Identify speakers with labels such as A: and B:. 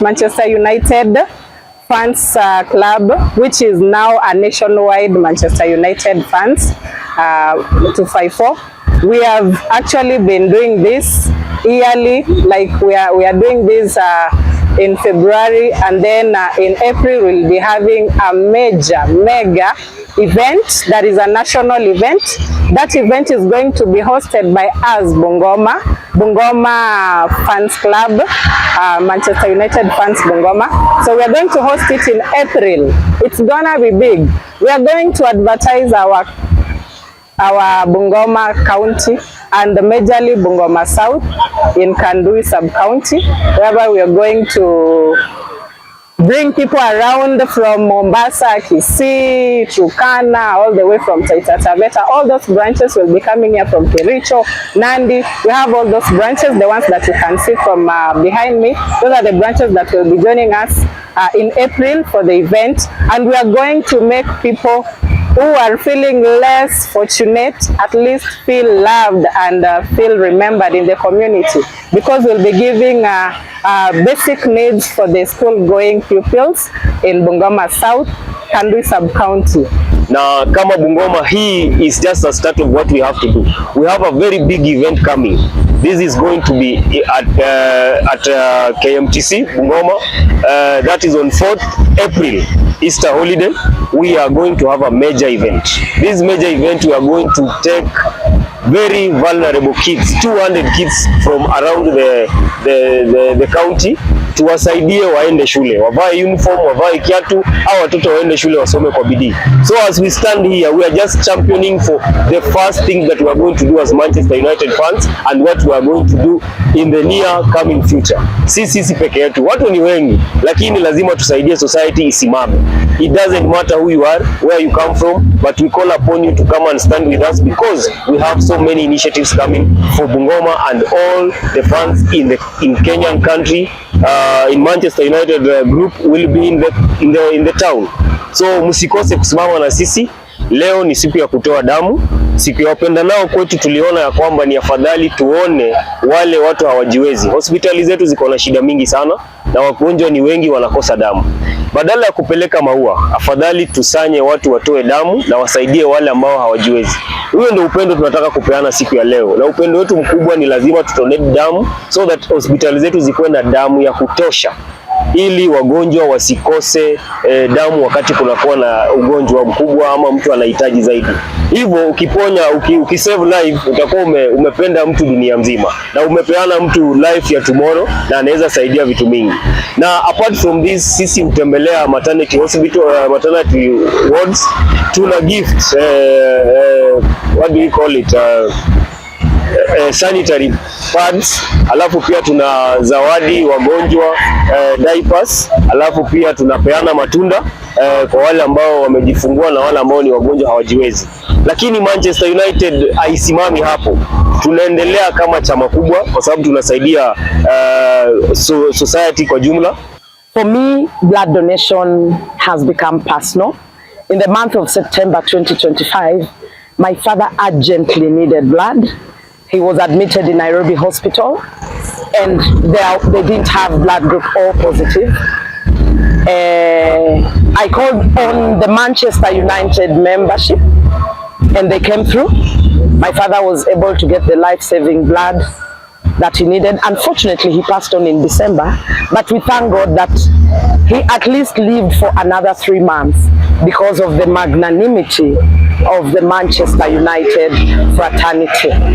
A: Manchester United fans uh, club which is now a nationwide Manchester United fans uh, 254 we have actually been doing this yearly like we are we are doing this uh, in February and then uh, in April we'll be having a major mega event that is a national event That event is going to be hosted by us, Bungoma, Bungoma Fans Club, uh, Manchester United Fans Bungoma. So we are going to host it in April. It's gonna be big. We are going to advertise our our Bungoma County and majorly Bungoma South in Kandui sub-county, wherever we are going to bring people around from Mombasa, Kisii, Kana, all the way from Taita Taveta. All those branches will be coming here from Kericho, Nandi. We have all those branches, the ones that you can see from uh, behind me. Those are the branches that will be joining us uh, in April for the event. And we are going to make people who are feeling less fortunate at least feel loved and uh, feel remembered in the community because we'll be giving uh, uh, basic needs for the school going pupils in Bungoma South, Kandui sub county.
B: Na kama Bungoma hii is just a start of what we have to do. We have a very big event coming. This is going to be at, uh, at uh, KMTC Bungoma. Uh, that is on 4th April, Easter holiday. We are going to have a major event. This major event we are going to take very vulnerable kids, 200 kids from around the, the, the, the county tuwasaidie waende shule, wavae uniform, wavae kiatu, au watoto waende shule wasome kwa bidii. So as we stand here we are just championing for the first thing that we are going to do as Manchester United fans and what we are going to do in the near coming future. Si sisi peke yetu, watu ni wengi, lakini lazima tusaidie society isimame. It doesn't matter who you are, where you come from, but we call upon you to come and stand with us because we have so many initiatives coming for Bungoma and all the fans in the in Kenyan country uh, in Manchester United uh, group will be in the, in the, in the town. So msikose kusimama na sisi. Leo ni siku ya kutoa damu, siku ya wapenda nao kwetu. Tuliona ya kwamba ni afadhali tuone wale watu hawajiwezi. Hospitali zetu ziko na shida mingi sana na wagonjwa ni wengi, wanakosa damu. Badala ya kupeleka maua, afadhali tusanye watu watoe damu na wasaidie wale ambao hawajiwezi. Huyo ndio upendo tunataka kupeana siku ya leo, na upendo wetu mkubwa ni lazima tutone damu so that hospitali zetu zikuwe na damu ya kutosha ili wagonjwa wasikose e, damu wakati kunakuwa na ugonjwa mkubwa ama mtu anahitaji zaidi. Hivyo ukiponya uki, save life utakuwa ume, umependa mtu dunia mzima na umepeana mtu life ya tomorrow, na anaweza saidia vitu mingi. Na apart from this, sisi hutembelea maternity hospital, uh, maternity wards, tuna gift eh, eh, what do you call it uh, eh, sanitary pads, alafu pia tuna zawadi wagonjwa eh, diapers, alafu pia tunapeana matunda eh, kwa wale ambao wamejifungua na wale ambao ni wagonjwa hawajiwezi. Lakini Manchester United haisimami hapo, tunaendelea kama chama kubwa kwa sababu tunasaidia eh, society kwa jumla.
A: For me, blood donation has become personal. In the month of September 2025, my father urgently needed blood. He was admitted in Nairobi hospital and they, they didn't have blood group O positive. Uh, I called on the Manchester United membership and they came through. My father was able to get the life-saving blood that he needed. Unfortunately, he passed on in December, but we thank God that he at least lived for another three months because of the magnanimity of the Manchester United fraternity.